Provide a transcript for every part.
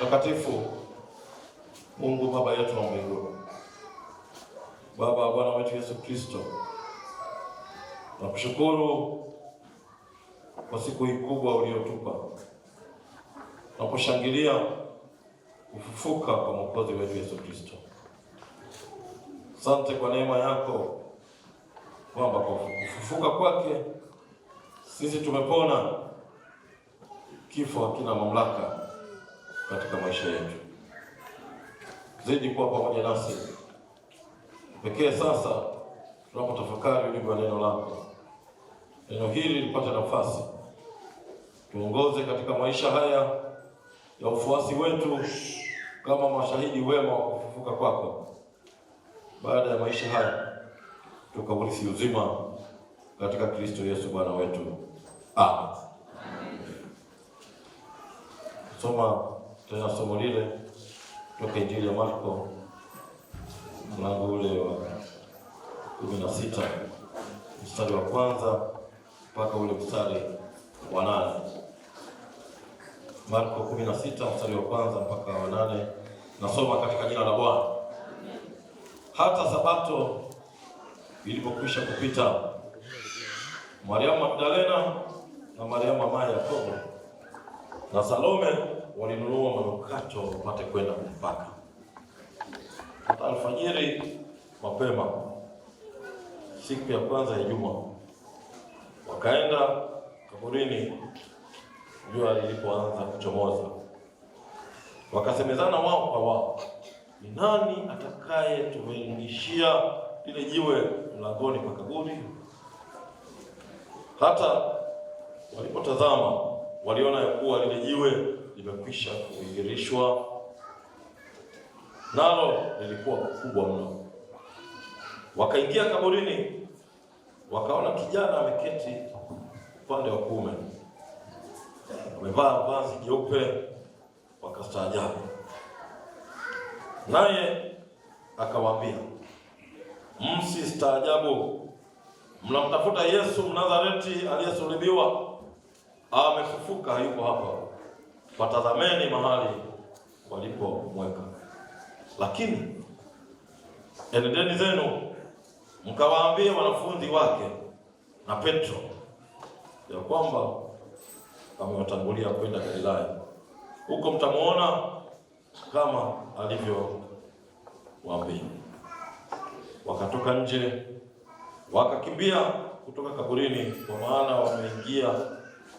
Mtakatifu Mungu Baba yetu wa mbinguni, Baba Bwana wetu Yesu Kristo, nakushukuru kwa siku hii kubwa uliotupa na kushangilia kufufuka kwa Mwokozi wetu Yesu Kristo. Asante kwa neema yako kwamba kwa kufufuka kwake sisi tumepona, kifo hakina mamlaka katika maisha yetu. Zidi kuwa pamoja nasi pekee. Sasa tunapotafakari ulivyo neno lako, neno hili lipate nafasi, tuongoze katika maisha haya ya ufuasi wetu kama mashahidi wema wa kufufuka kwako, baada ya maisha haya tukaurithi uzima katika Kristo Yesu Bwana wetu. Ah. Soma tena somo lile toka Injili ya Marko mlango ule wa kumi na sita mstari wa kwanza mpaka ule mstari wa nane. Marko kumi na sita mstari wa kwanza mpaka wa nane. Nasoma katika jina la Bwana. Hata sabato ilipokwisha kupita Mariamu Magdalena na Mariamu mama Yakobo na Salome walinunua manukato wapate kwenda mpaka Hata alfajiri mapema siku ya kwanza ya juma wakaenda kaburini jua lilipoanza kuchomoza, wakasemezana wao kwa wao, ni nani atakaye tumeingishia lile jiwe mlangoni pa kaburi? Hata walipotazama waliona ya kuwa lile jiwe limekwisha kuingirishwa, nalo lilikuwa kubwa mno. Wakaingia kaburini, wakaona kijana ameketi upande wa kuume, amevaa vazi jeupe, wakastaajabu. Naye akawaambia, msistaajabu mnamtafuta Yesu Mnazareti aliyesulubiwa, amefufuka, yuko hapa, patazameni mahali walipomweka. Lakini enendeni zenu mkawaambie wanafunzi wake na Petro ya kwamba amewatangulia kwenda Galilaya, huko mtamwona kama alivyowaambia. Wakatoka nje wakakimbia kutoka kaburini, kwa maana wameingia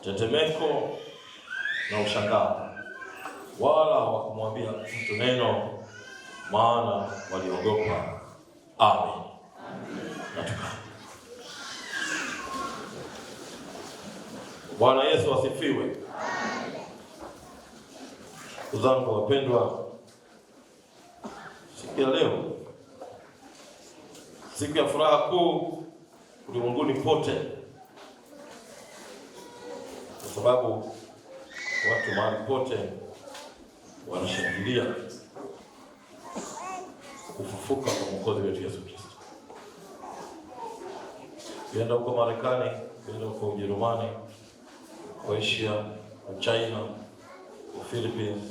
tetemeko na ushangao, wala hawakumwambia mtu neno, maana waliogopa. Amen. Bwana Yesu asifiwe. kuzangu wapendwa, siku ya leo, siku ya furaha kuu ulimwenguni pote, kwa sababu watu mahali pote wanashangilia kufufuka kwa mwokozi wetu Yesu Kristo. Ukienda huko Marekani, ukienda huko Ujerumani, kwa Asia, kwa China, kwa Philippines,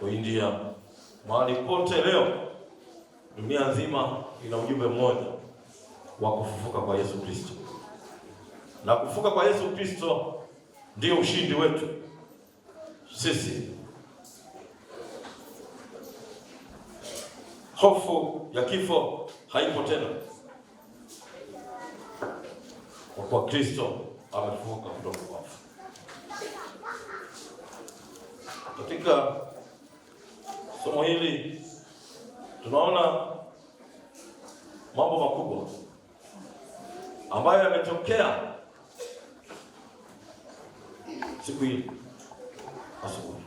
kwa India, mahali pote leo dunia nzima ina ujumbe mmoja wa kufufuka kwa Yesu Kristo, na kufufuka kwa Yesu Kristo ndio ushindi wetu sisi. Hofu ya kifo haipo tena, kwa kuwa Kristo amefufuka kutoka kwa wafu. Katika somo hili tunaona mambo makubwa ambayo yametokea siku hii asubuhi,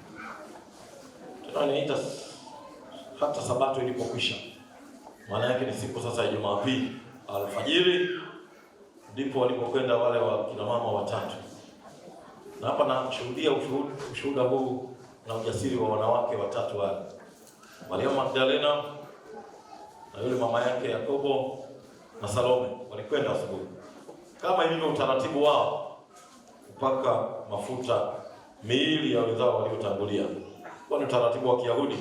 tunaniita hata sabato ilipokwisha, maana yake ni siku sasa ya Jumapili alfajiri, ndipo walipokwenda wale wa kina mama watatu, na hapa nashuhudia ushuhuda huu na ujasiri wa wanawake watatu wale, Maria Magdalena na yule mama yake Yakobo na Salome walikwenda asubuhi kama ilivyo utaratibu wao kupaka mafuta miili ya wenzao waliotangulia, ni utaratibu wa Kiyahudi.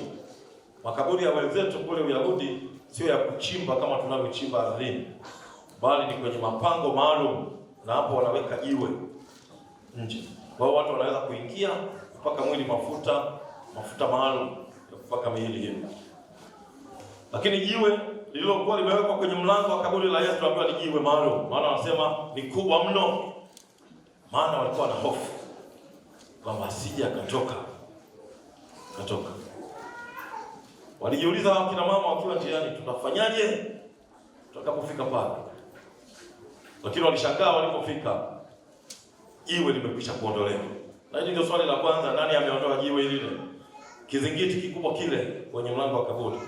Makaburi ya wenzetu kule Uyahudi sio ya kuchimba kama tunavyochimba ardhini, bali ni kwenye mapango maalum, na hapo wanaweka jiwe nje, kwa hiyo watu wanaweza kuingia kupaka mwili mafuta, mafuta maalum ya kupaka miili hiyo, lakini jiwe lililokuwa limewekwa kwenye mlango wa kaburi la Yesu ambayo alijiwe jiwe maalum, maana wanasema ni kubwa mno, maana walikuwa na hofu kwamba asije akatoka katoka. Walijiuliza wakina mama wakiwa njiani, tutafanyaje tutakapofika pale? Lakini walishangaa walipofika, jiwe limekwisha kuondolewa. Na hili ndio swali la kwanza, nani ameondoa jiwe lile, kizingiti kikubwa kile kwenye mlango wa kaburi?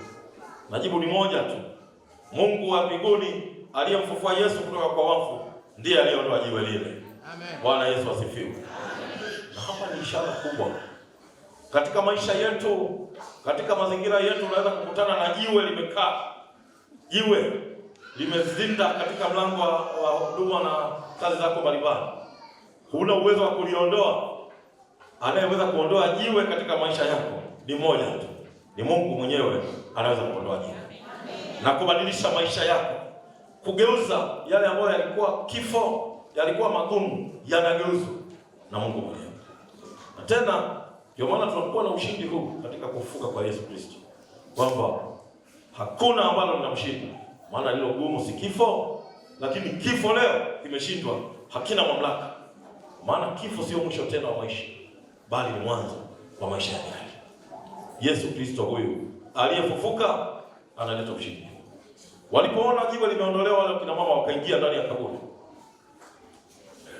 Najibu ni moja tu, Mungu wa mbinguni aliyemfufua Yesu kutoka kwa wafu ndiye aliyeondoa jiwe lile. Amen. Bwana Yesu asifiwe. Na hapa ni ishara kubwa katika maisha yetu, katika mazingira yetu, unaweza kukutana na jiwe limekaa, jiwe limezinda katika mlango wa huduma na kazi zako mbalimbali. Huna uwezo wa kuliondoa. Anayeweza kuondoa jiwe katika maisha yako ni mmoja tu, ni Mungu mwenyewe anaweza kuondoa jiwe na kubadilisha maisha yako, kugeuza yale ambayo yalikuwa kifo, yalikuwa magumu, yanageuzwa na Mungu mwenyewe. Na tena ndio maana tunakuwa na ushindi huu katika kufufuka kwa Yesu Kristo, kwamba hakuna ambalo linamshinda, maana lilo gumu si kifo, lakini kifo leo kimeshindwa, hakina mamlaka, maana kifo sio mwisho tena wa maisha, bali ni mwanzo wa maisha ya Yesu Kristo huyu aliyefufuka analeta ushindi. Walipoona jiwe limeondolewa, wale kina mama wakaingia ndani ya kaburi.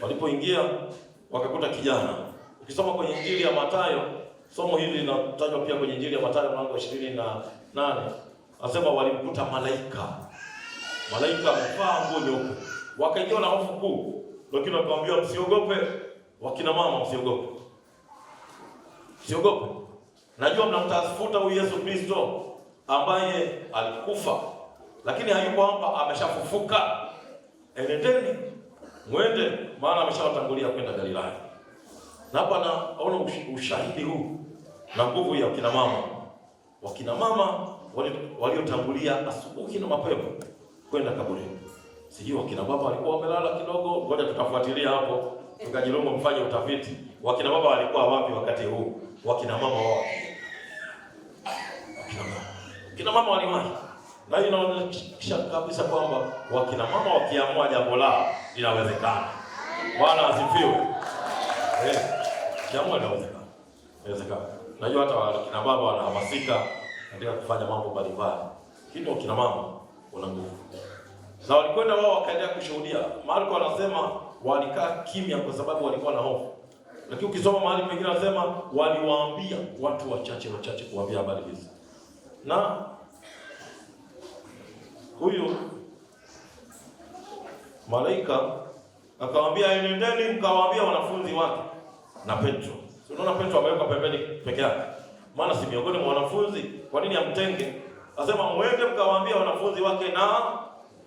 Walipoingia wakakuta kijana. Ukisoma kwenye Injili ya Mathayo, somo hili linatajwa pia kwenye Injili ya Mathayo mlango wa ishirini na nane asema walimkuta malaika, malaika amevaa nguo nyeupe, wakaingiwa na hofu kuu, lakini wakamwambia msiogope, wakina mama msiogope, msiogope, najua mnamtafuta huyu Yesu Kristo ambaye alikufa lakini hayupo hapa, ameshafufuka. Enendeni mwende, maana ameshawatangulia kwenda Galilaya. Na hapa naona ushahidi huu na nguvu ya kina mama, wakina mama waliotangulia asubuhi na mapema kwenda kaburini. Sijui wakina baba walikuwa wamelala kidogo, ngoja tutafuatilia hapo, tukajilomba mfanye utafiti, wakina baba walikuwa wapi wakati huu, wakina mama wao, wakina mama, wakina mama waliwahi na hiyo inaonyesha kabisa kwamba wakina mama wakiamua jambo lao linawezekana. Bwana asifiwe. Eh, jambo linawezekana, inawezekana. Najua hata wakina baba wanahamasika katika kufanya mambo mbalimbali, lakini wakina mama wana nguvu. Na walikwenda wao wakaendelea kushuhudia. Marko anasema walikaa kimya kwa sababu walikuwa na hofu, lakini ukisoma mahali pengine anasema waliwaambia watu wachache wachache kuambia habari hizi na huyu malaika akamwambia, nendeni mkawaambia wanafunzi wake na Petro. Si unaona Petro amewekwa pembeni peke yake, maana si miongoni mwa wanafunzi. Kwa nini amtenge? Asema mwende mkawaambia wanafunzi wake na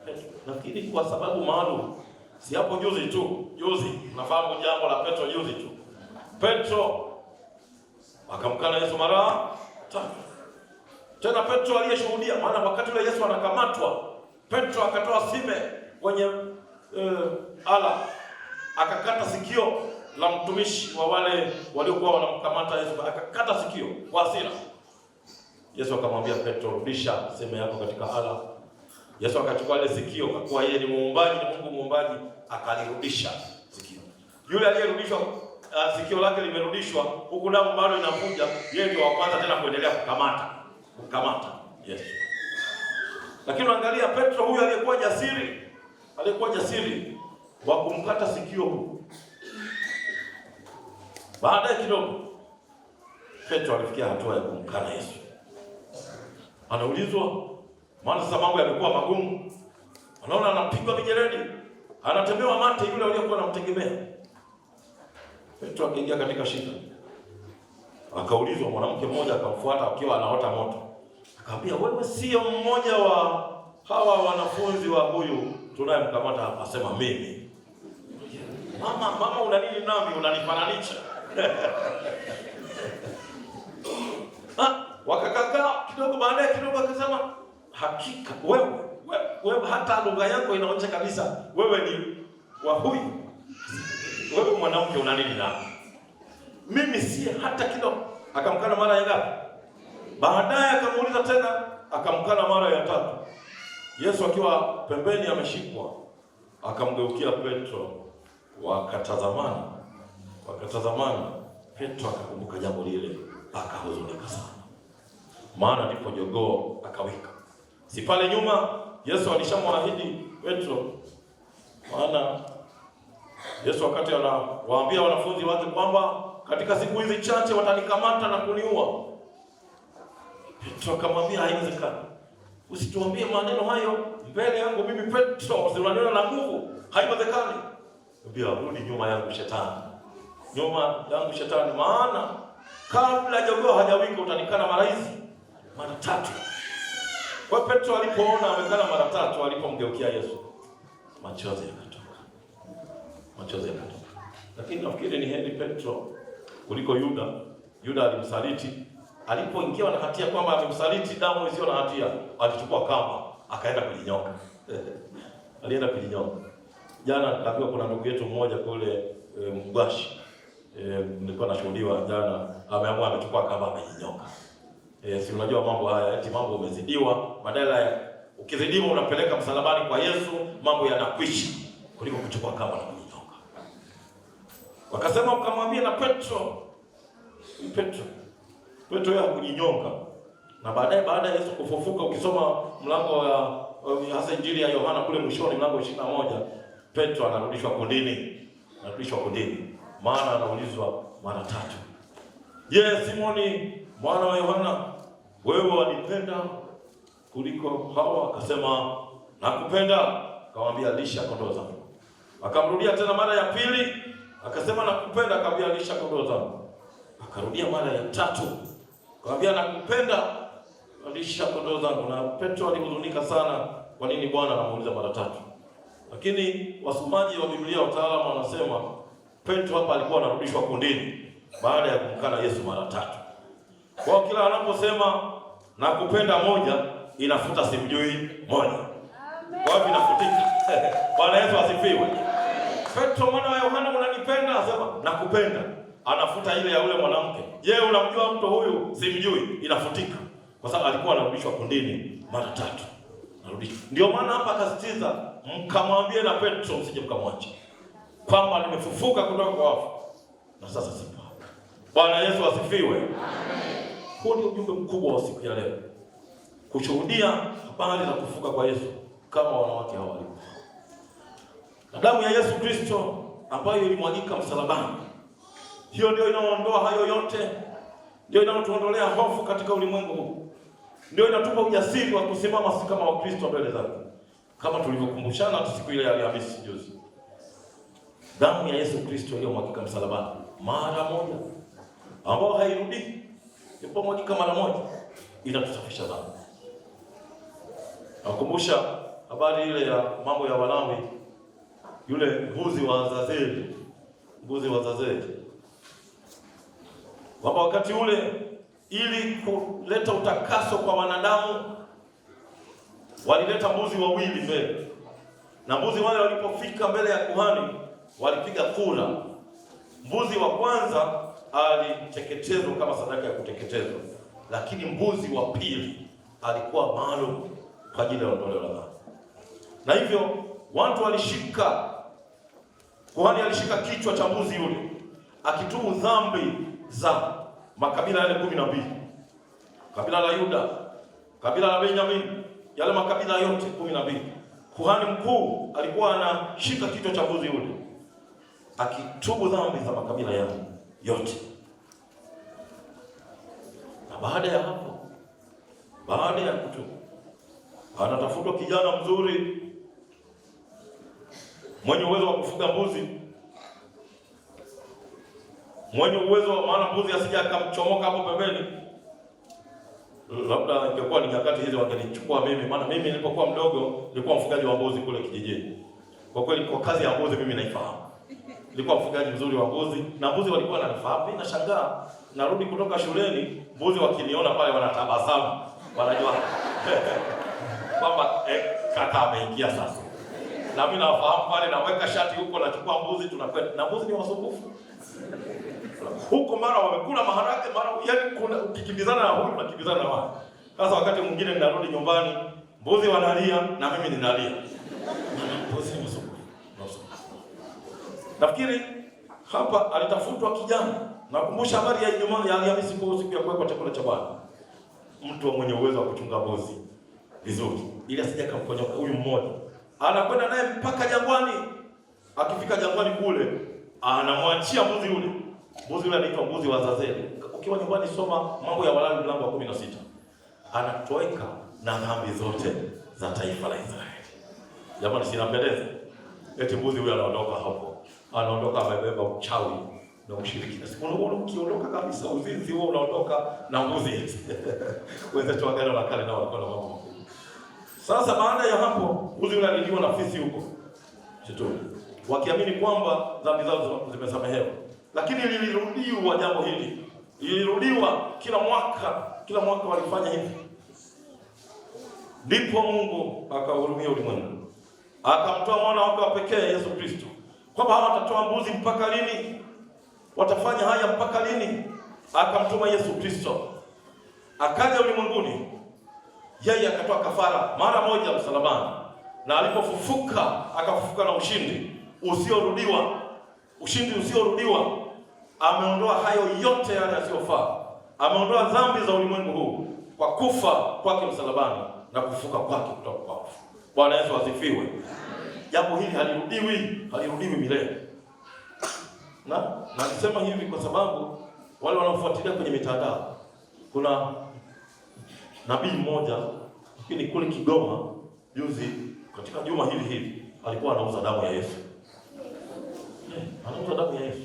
Petro, lakini kwa sababu maalum. Si hapo juzi tu, juzi nafahamu jambo la Petro, juzi tu Petro akamkana Yesu mara tatu. Tena Petro aliyeshuhudia, maana wakati ule Yesu anakamatwa, Petro akatoa sime kwenye uh, ala akakata sikio la mtumishi wa wale waliokuwa wanamkamata Yesu, akakata sikio kwa hasira. Yesu akamwambia Petro, rudisha sime yako katika ala. Yesu akachukua ile sikio, akakuwa yeye ni muumbaji na Mungu muumbaji, akalirudisha sikio. Yule aliyerudishwa uh, sikio lake limerudishwa, huku damu bado inavuja, yeye ndio wa kwanza tena kuendelea kukamata kumkamata Yesu. Lakini angalia Petro huyu aliyekuwa jasiri, aliyekuwa jasiri wa kumkata sikio. Baadaye kidogo Petro alifikia hatua ya kumkana Yesu. Anaulizwa maana sasa mambo yamekuwa magumu. Anaona anapigwa mijeledi, anatemewa mate yule aliyekuwa anamtegemea. Petro akaingia katika shida. Akaulizwa, mwanamke mmoja akamfuata akiwa anaota moto, akamwambia, wewe sio mmoja wa hawa wanafunzi wa huyu tunayemkamata hapa? Asema, mimi. Mama, mama, una nini nami, unanifananisha? Ah, wakakakaa kidogo, baadaye kidogo akasema, hakika wewe, wewe, wewe hata lugha yako inaonyesha kabisa wewe ni wa huyu. Wewe mwanamke, una nini nami? Mimi si hata akamkana mara ya ngapi? Baadaye akamuuliza tena, akamkana mara ya tatu. Yesu akiwa pembeni ameshikwa, akamgeukia Petro, wakatazamana, wakatazamana. Petro akakumbuka jambo lile, akahuzunika sana, maana ndipo jogoo akawika. Si pale nyuma Yesu alishamwaahidi Petro, maana Yesu wakati anawaambia wanafunzi wake kwamba katika siku hizi chache watanikamata na kuniua. Petro akamwambia haiwezekani, usituambie maneno hayo mbele yangu mimi Petro, usinena na nguvu, haiwezekani. Ambia rudi nyuma yangu shetani, nyuma yangu shetani, maana kabla jogoo hajawika utanikana mara hizi mara tatu. Kwa Petro alipoona amekana mara tatu, alipomgeukia Yesu machozi yakatoka, machozi yakatoka. Lakini nafikiri ni heri Petro kuliko Yuda. Yuda alimsaliti alipoingia na hatia kwamba amemsaliti, damu isiyo na hatia, alichukua kamba akaenda kujinyoka alienda kujinyoka. Jana nikaambiwa kuna ndugu yetu mmoja kule e, Mgwashi e, nilikuwa nashuhudiwa jana, ameamua amechukua kamba amejinyoka. E, si unajua mambo haya, eti mambo umezidiwa, badala ya ukizidiwa unapeleka msalabani kwa Yesu, mambo yanakwisha kuliko kuchukua kamba. Wakasema wakamwambia na Petro, Petro, Petro yeye kujinyonga. Na baadaye baada ya Yesu kufufuka, ukisoma mlango wa hasa injili ya Yohana kule mwishoni, mlango 21, Petro anarudishwa kundini, anarudishwa kundini, maana anaulizwa mara tatu, je, yes, Simoni mwana wa Yohana, wewe wanipenda kuliko hawa? Akasema nakupenda. Akamwambia lisha kondoo zangu. Akamrudia tena mara ya pili Akasema nakupenda, akamwambia alisha kondoo zangu. Akarudia mara ya tatu. Akamwambia nakupenda, alisha kondoo zangu. Na Petro alihuzunika sana kwa nini Bwana anamuuliza mara tatu. Lakini wasomaji wa Biblia wataalamu wanasema Petro hapa alikuwa anarudishwa kundini baada ya kumkana Yesu mara tatu. Kwa kila anaposema nakupenda moja inafuta simjui moja. Kwa hivyo inafutika. Bwana Yesu asifiwe. Petro mwana wa Yohana, unanipenda? Asema nakupenda. Anafuta ile ya yule mwanamke, yeye unamjua mtu huyu, simjui, inafutika kwa sababu alikuwa anarudishwa kundini mara tatu, narudishwa. Ndio maana hapa akasitiza, mkamwambie na Petro msije mkamwache. kwamba nimefufuka kutoka kwa wafu na sasa sipo Bwana Yesu asifiwe, amen. Huo ndio ujumbe mkubwa wa siku ya leo, kushuhudia habari za kufuka kwa Yesu kama wanawake hawa walikuwa na damu ya Yesu Kristo ambayo ilimwagika msalabani. Hiyo ndio inaondoa hayo yote, ndio inayotuondolea hofu katika ulimwengu huu, ndio inatupa ujasiri wa kusimama sisi kama Wakristo mbele zake, kama tulivyokumbushana siku ile ya Alhamisi juzi. Damu ya Yesu Kristo iliyomwagika msalabani mara moja, ambayo hairudi, ilipomwagika mara moja, inatusafisha dhambi. Nakumbusha habari ile ya mambo ya Walawi yule mbuzi wa Azazeli, mbuzi wa Azazeli, kwamba wakati ule ili kuleta utakaso kwa wanadamu walileta mbuzi wawili mbele, na mbuzi wale walipofika mbele ya kuhani walipiga kura. Mbuzi wa kwanza aliteketezwa kama sadaka ya kuteketezwa, lakini mbuzi wa pili alikuwa maalum kwa ajili ya ondoleo la dhambi, na hivyo watu walishika Kuhani alishika kichwa cha mbuzi yule akitubu dhambi za makabila yale kumi na mbili, kabila la Yuda, kabila la Benjamini, yale makabila yote kumi na mbili. Kuhani mkuu alikuwa anashika kichwa cha mbuzi yule akitubu dhambi za makabila yao yote. Na baada ya hapo, baada ya kutubu, anatafutwa kijana mzuri mwenye uwezo wa kufuga mbuzi, mwenye uwezo wa maana, mbuzi asije akamchomoka hapo pembeni. Labda ingekuwa ni nyakati hizi wangenichukua mimi, maana mimi nilipokuwa mdogo nilikuwa mfugaji wa mbuzi kule kijijini. Kwa kweli, kwa kazi ya mbuzi mimi naifahamu, nilikuwa mfugaji mzuri wa mbuzi na mbuzi walikuwa wananifahamu. Mimi nashangaa, narudi kutoka shuleni, mbuzi wakiniona pale wanatabasamu, wanajua kwamba eh, kaka ameingia sasa na mimi nafahamu pale, naweka shati huko, nachukua mbuzi, tunakwenda na mbuzi. Ni wasumbufu huko, mara wamekula maharage, mara yani, kuna ukikimbizana na huyu unakimbizana na wao. Sasa wakati mwingine ninarudi nyumbani, mbuzi wanalia na mimi ninalia, mbuzi ni wasumbufu. Nafikiri hapa alitafutwa kijana. Nakumbusha habari ya Ijumaa ya Alhamisi kwa siku ya kuwekwa chakula cha Bwana, mtu mwenye uwezo wa kuchunga mbuzi vizuri, ili asije akamkonya huyu mmoja anakwenda naye mpaka jangwani. Akifika jangwani kule, anamwachia mbuzi yule. Mbuzi yule anaitwa mbuzi wa Zazeli. Ukiwa nyumbani, soma Mambo ya Walawi mlango wa 16. Anatoweka na dhambi zote za taifa la Israeli. Jamani, sinapendeza? Eti mbuzi huyo anaondoka hapo, anaondoka amebeba uchawi na ushirikina. Ukiondoka kabisa uzinzi huo unaondoka na mbuzi wenzetu wagana wakale nao walikuwa na mambo sasa baada ya hapo mbuzi yule aliliwa na fisi huko msituni, wakiamini kwamba dhambi zao zimesamehewa, lakini lilirudiwa jambo hili, lilirudiwa kila mwaka, kila mwaka walifanya hivi. Ndipo Mungu akahurumia ulimwengu, akamtoa mwana wake wa pekee Yesu Kristo, kwamba hawa watatoa mbuzi mpaka lini? Watafanya haya mpaka lini? Akamtuma Yesu Kristo, akaja ulimwenguni yeye akatoa kafara mara moja msalabani, na alipofufuka akafufuka na ushindi usiorudiwa, ushindi usiorudiwa. Ameondoa hayo yote yale yasiyofaa, ameondoa dhambi za ulimwengu huu kwa kufa kwake msalabani na kufufuka kwake kutoka kwa wafu. Bwana Yesu asifiwe. Jambo hili halirudiwi, halirudiwi milele. Na nasema hivi kwa sababu wale wanaofuatilia kwenye mitandao kuna nabii mmoja lakini kule Kigoma juzi, katika juma hili hili alikuwa anauza damu ya Yesu. Yeah, anauza damu ya Yesu,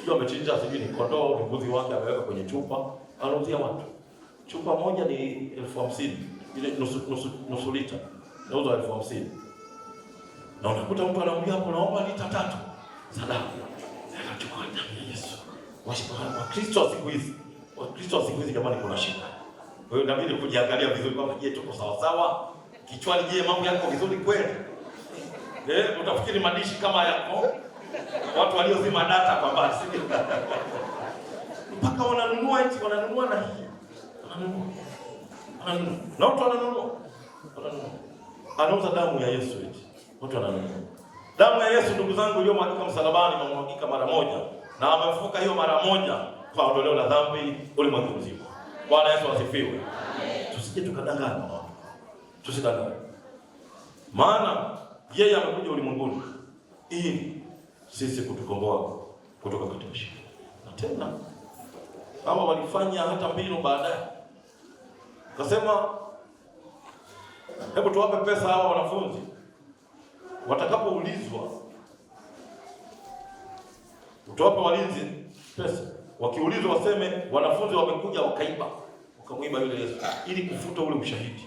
sijui amechinja, sijui ni kondoo ni mbuzi wake, ameweka kwenye chupa, anauzia watu. Chupa moja ni elfu hamsini ile nusu, nusu, nusu lita nauza elfu hamsini na unakuta mtu anaongea hapo, naomba lita tatu sadaka, anachukua damu ya Yesu. Wakristo wa siku hizi, Wakristo wa siku hizi, jamani, kuna shida kwa hiyo inabidi kujiangalia vizuri kwamba je, tuko sawa sawa? Kichwani je, mambo yako vizuri kweli? Eh, utafikiri madishi kama yako watu waliozima data kwa basi. Mpaka wananunua eti wananunua na hii. Wananunua. Na watu wananunua. Wananunua. Anauza damu ya Yesu eti. Watu wananunua. Damu ya Yesu ndugu zangu iliyomwagika msalabani imemwagika mara moja na amefuka hiyo mara moja kwa ondoleo la dhambi ulimwengu mzima. Bwana Yesu asifiwe. Tusije tukadangana watu. Tusidanganywe. Maana yeye amekuja ulimwenguni ili sisi kutukomboa kutoka katika shida. Na tena hawa walifanya hata mbinu baadaye. Kasema hebu tuwape pesa hawa wanafunzi watakapoulizwa, utawapa walinzi pesa wakiulizwa waseme wanafunzi wamekuja wakaiba, wakamwiba yule Yesu, ili kufuta ule ushahidi,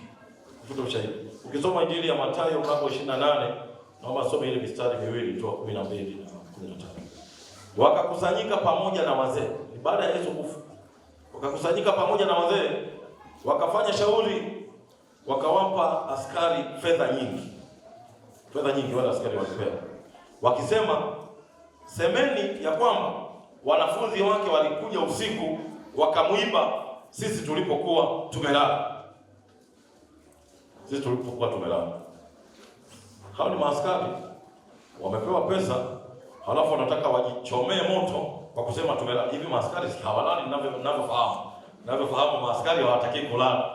kufuta ushahidi. Ukisoma Injili ya Mathayo mlango 28, naomba some ile mistari miwili tu, 12 na 15. Wakakusanyika pamoja na wazee, ni baada ya Yesu kufa, wakakusanyika pamoja na wazee, wakafanya shauri, wakawapa askari fedha nyingi, fedha nyingi, wala askari walipewa, wakisema semeni ya kwamba wanafunzi wake walikuja usiku wakamwiba sisi tulipokuwa tumelala, sisi tulipokuwa tumelala. Hao ni maaskari wamepewa pesa, halafu wanataka wajichomee moto kwa kusema tumelala. Hivi maaskari hawalali, ninavyofahamu, ninavyofahamu maaskari hawataki kulala.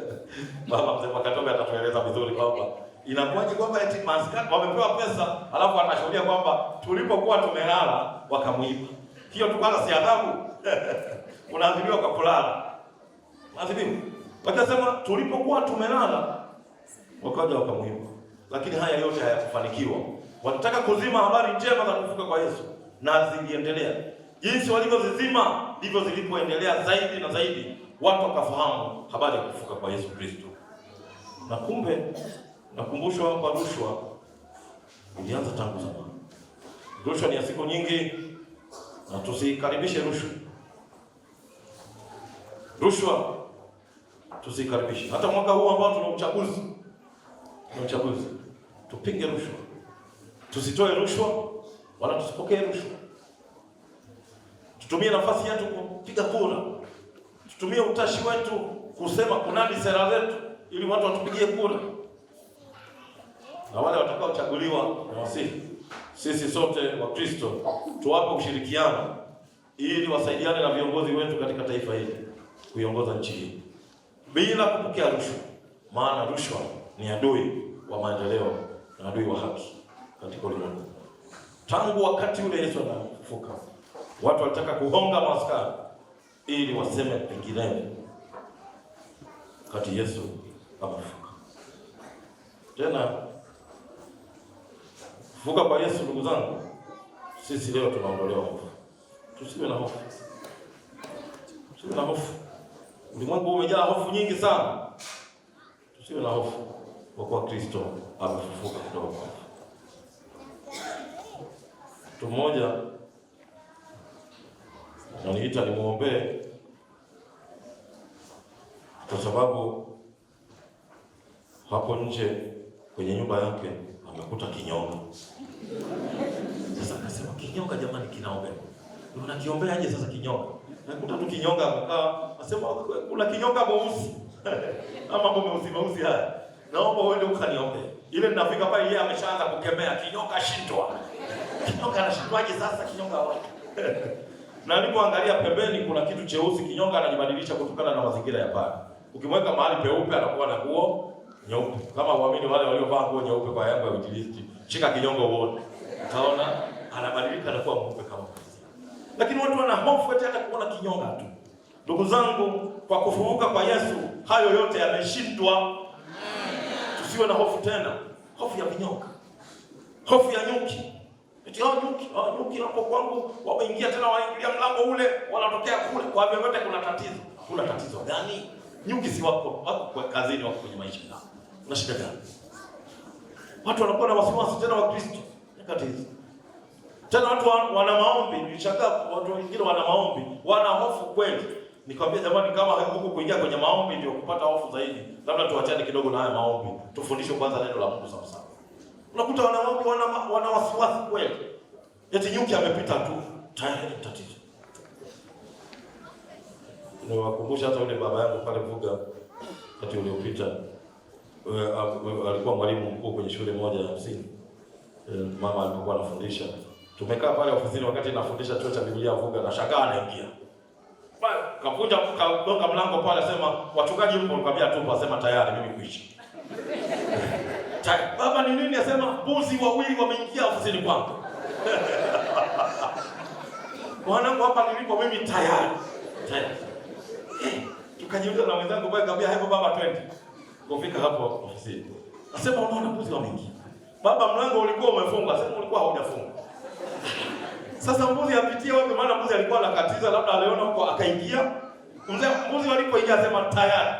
Mama mzee Makatombe atatueleza vizuri kwamba inakuwaje kwamba eti maaskari wamepewa pesa, halafu anashuhudia kwamba tulipokuwa tumelala wakamwiba hiyo tu kwanza si adhabu. Unaadhibiwa kwa kulala. Adhibiwa. Wakasema tulipokuwa tumelala wakaja wakamwimba. Lakini haya yote hayakufanikiwa. Wanataka kuzima habari njema za kufuka kwa Yesu na ziliendelea. Jinsi walivyozizima ndivyo zilipoendelea zaidi na zaidi, watu wakafahamu habari ya kufufuka kwa Yesu Kristo. Na kumbe nakumbushwa kwa rushwa ilianza tangu zamani. Rushwa ni ya siku nyingi na tusiikaribishe rushwa. Rushwa tusiikaribishe. Hata mwaka huu ambao tuna uchaguzi, tuna uchaguzi, tupinge rushwa, tusitoe rushwa wala tusipokee rushwa. Tutumie nafasi yetu kupiga kura, tutumie utashi wetu kusema kunadi sera zetu, ili watu watupigie kura na wale watakaochaguliwa na wasifu sisi sote wa Kristo tuwapo kushirikiana ili wasaidiane na viongozi wetu katika taifa hili kuiongoza nchi hii bila kupokea rushwa, maana rushwa ni adui wa maendeleo na adui wa haki katika ulimwengu. Tangu wakati ule Yesu anafufuka, watu walitaka kuhonga maaskari ili waseme pengineni kati Yesu amefufuka tena Kuvuka kwa Yesu, ndugu zangu, sisi leo tunaondolewa hofu. Tusiwe na hofu, tusiwe na hofu. Ulimwengu umejaa hofu nyingi sana, tusiwe na hofu kwa kuwa Kristo amefufuka kutoka kwa wafu. Mtu mmoja ananiita nimwombee kwa sababu hapo nje kwenye nyumba yake amekuta kinyongo. Sasa akasema kinyonga, jamani, kinaombea. Unakiombea aje sasa kinyonga? Nakuta tu kinyonga amekaa, nasema ah, kuna kinyonga mweusi ama mambo meusi meusi haya, naomba uende ukaniombe. Ile ninafika pale, yeye ameshaanza kukemea kinyonga, shindwa kinyonga, anashindwaje sasa kinyonga wapi? na nilipoangalia pembeni, kuna kitu cheusi. Kinyonga anajibadilisha kutokana na mazingira ya pale. Ukimweka mahali peupe, anakuwa na nguo nyeupe, kama waamini wale waliovaa nguo nyeupe kwa Yanga ya utilisti Shika kinyongo wote. Utaona anabadilika anakuwa mweupe kama mzee. Lakini watu wana hofu hata hata kuona kinyonga tu. Ndugu zangu, kwa kufufuka kwa Yesu hayo yote yameshindwa. Tusiwe na hofu tena. Hofu ya vinyonga. Hofu ya nyuki. Eti hao ah, nyuki, hao ah, nyuki hapo kwangu wameingia tena waingilia mlango ule, wanatokea kule. Kwa hivyo yote kuna tatizo. Kuna tatizo gani? Nyuki si wako, wako kwa kazini, wako kwenye maisha yako. Una shida gani? watu wanakuwa na wasiwasi tena wa Kristo nyakati hizi. Tena watu wana maombi, nilishangaa watu wengine wana maombi, wana hofu kweli. Nikwambia jamani, kama huko kuingia kwenye maombi ndio kupata hofu zaidi, labda tuachane kidogo na haya maombi, tufundishwe kwanza neno la Mungu sawa sawa. Unakuta wana maombi, wana, wana wasiwasi kweli. Eti nyuki amepita tu, tayari tatizo. Niwakumbusha hata yule baba yangu pale Vuga wakati uliopita Eh, alikuwa mwalimu mkuu kwenye shule moja ya msingi, eh, mama alipokuwa anafundisha, tumekaa pale ofisini, wakati nafundisha chuo cha Biblia Vuga, nashangaa anaingia pale, kakunja kagonga mlango pale, asema wachungaji mpo? Nikamwambia tu, asema tayari mimi kuishi Baba ni nini? Asema mbuzi wawili wameingia ofisini kwangu. Wanangu hapa nilipo mimi tayari tayari. Eh, tukajiuliza na wenzangu pale, kaambia hebu baba twende Kufika hapo ofisini. Nasema unaona mbuzi wameingia. Baba, mlango ulikuwa umefungwa, sema ulikuwa haujafungwa. Sasa mbuzi apitie wapi? Maana mbuzi alikuwa anakatiza, labda aliona huko akaingia. Mzee mbuzi walipoingia sema tayari.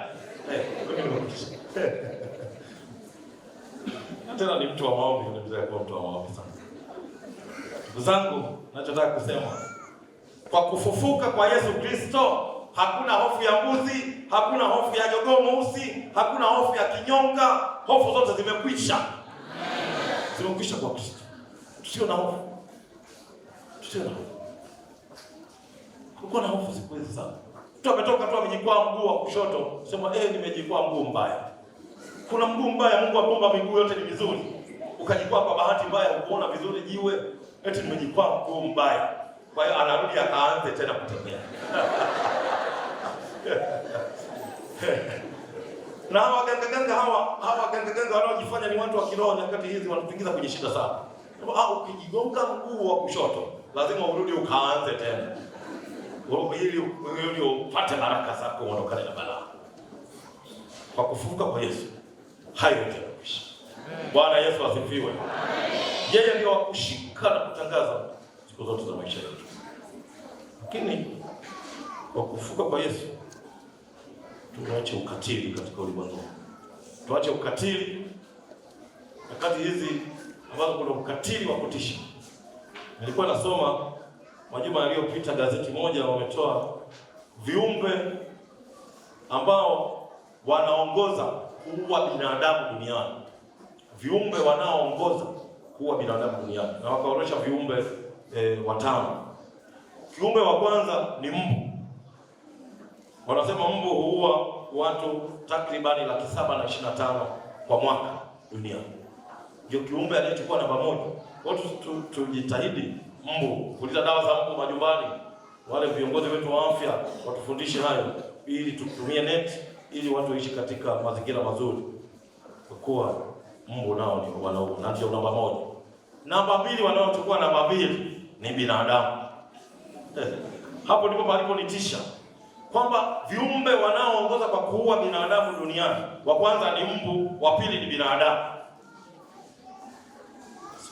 Eh, Tena ni mtu wa maombi, mzee kuwa mtu wa maombi sana. Ndugu zangu, nachotaka kusema kwa kufufuka kwa Yesu Kristo hakuna hofu ya mbuzi, hakuna hofu ya jogoo mweusi, hakuna hofu ya kinyonga. Hofu zote zimekwisha, zimekwisha kwa Kristo. Tusio na hofu, tusio na hofu. Kulikuwa na hofu siku hizi sana. Mtu ametoka tu amejikwaa mguu wa kushoto, sema eh, nimejikwaa mguu mbaya. Kuna mguu mbaya, Mungu akomba miguu yote ni vizuri, ukajikwaa kwa bahati mbaya, ukaona vizuri jiwe, eti nimejikwaa mguu mbaya. Kwa hiyo anarudi akaanze tena kutembea na hawa gangaganga hawa hawa gangaganga wanaojifanya ni watu wa kiroho nyakati hizi wanatuingiza kwenye shida sana. Kwa Au ah, ukijigonga mguu wa kushoto lazima urudi ukaanze tena Wao ili ili upate baraka zako uondokane na balaa. Kwa kufufuka kwa Yesu hayo yote yanakwisha. Bwana Yesu asifiwe. Amen. Yeye ndio wa kushika na kutangaza siku zote za maisha yetu, lakini kwa kufufuka kwa Yesu tuache ukatili katika ulimwengu, tuache ukatili nyakati hizi ambazo kuna ukatili wa kutisha. Nilikuwa nasoma majuma yaliyopita gazeti moja, wametoa viumbe ambao wanaongoza kuua binadamu duniani, viumbe wanaoongoza kuua binadamu duniani, na wakaonyesha viumbe e, watano. Kiumbe wa kwanza ni mbu Wanasema mbu huua watu takribani laki saba na ishirini na tano kwa mwaka duniani, ndio kiumbe anayechukua namba moja. Watu tujitahidi mbu kuliza dawa za mbu majumbani. Wale viongozi wetu wa afya watufundishe hayo, ili tutumie net, ili watu waishi katika mazingira mazuri, kwa kuwa mbu nao ni na ndio namba moja. Namba mbili, wanaochukua namba mbili ni binadamu. Hapo ndipo palipo nitisha kwamba viumbe wanaoongoza kwa kuua binadamu duniani wa kwanza ni mbu, wa pili ni binadamu.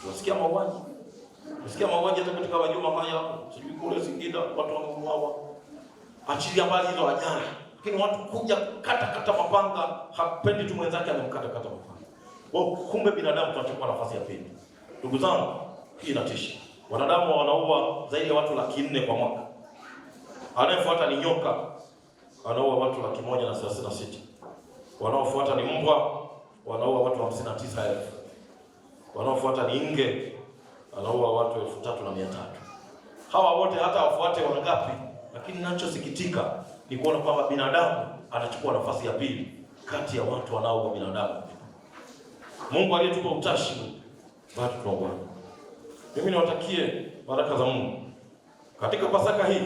Tunasikia mauaji, tunasikia mauaji hata katika majuma haya, sijui kule Singida watu wameuawa, achili habari hizo ajana, lakini watu kuja kata kata mapanga, hapendi tu mwenzake amemkata kata mapanga. Wao kumbe binadamu tunachukua nafasi ya pili. Ndugu zangu, hii inatisha. Wanadamu wanaua zaidi ya watu laki nne kwa mwaka anayefuata ni nyoka, anaua watu laki moja na thelathini na sita wanaofuata ni mbwa, wanaua watu hamsini na tisa elfu wanaofuata ni nge, anaua watu elfu tatu na mia tatu Hawa wote hata wafuate wangapi, lakini ninachosikitika ni kuona kwamba binadamu anachukua nafasi ya pili kati ya watu wanaoua binadamu. Mungu aliyetupa utashi bado tunaogopa. Mimi niwatakie baraka za Mungu katika Pasaka hii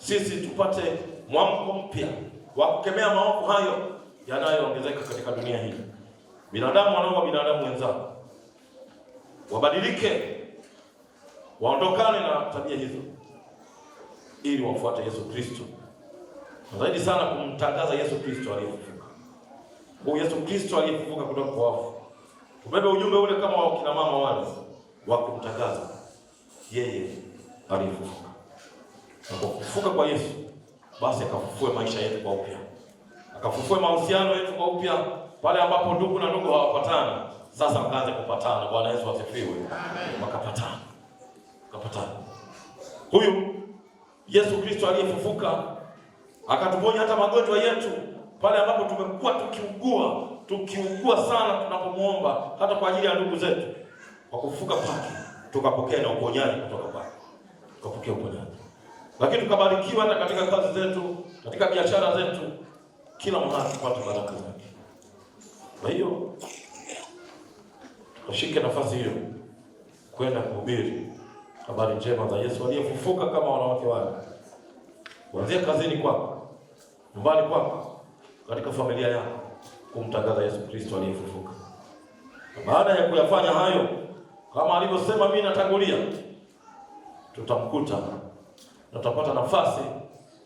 sisi tupate mwamko mpya wa kukemea maovu hayo yanayoongezeka katika dunia hii. Binadamu wanaua binadamu wenzao, wabadilike, waondokane na tabia hizo, ili wafuate Yesu Kristo, na zaidi sana kumtangaza Yesu Kristo aliyefufuka, huyu Yesu Kristo aliyefufuka kutoka kwa wafu. Tubebe ujumbe ule kama kina mama wale wa kumtangaza yeye aliyefufuka na kwa kufufuka kwa Yesu, basi akafufue maisha yetu kwa upya, akafufue mahusiano yetu kwa upya. Pale ambapo ndugu na ndugu hawapatani, sasa mkaanze kupatana. Bwana Yesu asifiwe. mkapatana, mkapatana. Huyu Yesu Kristo aliyefufuka akatuponya hata magonjwa yetu, pale ambapo tumekuwa tukiugua tukiugua sana, tunapomwomba hata kwa ajili ya ndugu zetu, kwa kufufuka kwake tukapokea na uponyaji kutoka kwake, tukapokea uponyaji lakini tukabarikiwa hata katika kazi zetu, katika biashara zetu, kila mahali tupate baraka zake. Kwa hiyo tukashike nafasi hiyo kwenda kuhubiri habari njema za Yesu aliyefufuka kama wanawake wale, kuanzia kazini kwako, nyumbani kwako, katika familia yako, kumtangaza Yesu Kristo aliyefufuka. Baada ya kuyafanya hayo, kama alivyosema, mimi natangulia, tutamkuta na tutapata nafasi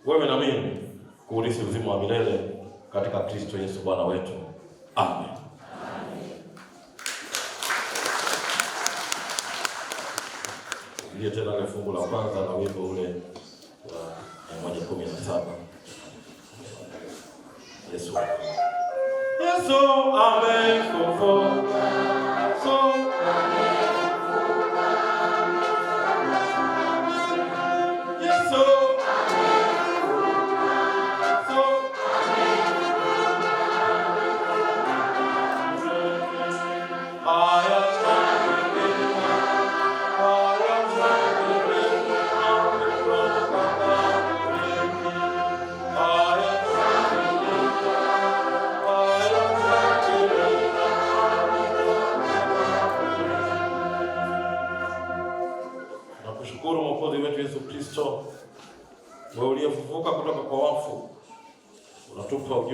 wewe na mimi kuurithi uzima wa milele katika Kristo Yesu Bwana wetu. Amen. Ndiyo tena ile fungu la kwanza na wimbo ule wa 117. Yesu. Yesu amefufuka.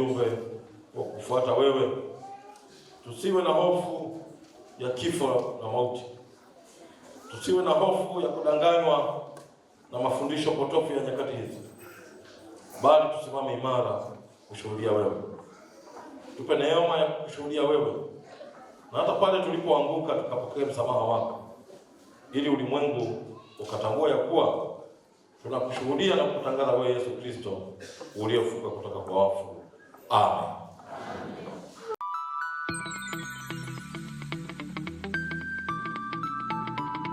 ujumbe wa kufuata wewe. Tusiwe na hofu ya kifo na mauti, tusiwe na hofu ya kudanganywa na mafundisho potofu ya nyakati hizi, bali tusimame imara kushuhudia wewe. Tupe neema ya kushuhudia wewe, na hata pale tulipoanguka tukapokea msamaha wako, ili ulimwengu ukatambua ya kuwa tunakushuhudia na kutangaza wewe Yesu Kristo uliyefuka kutoka kwa wafu. 阿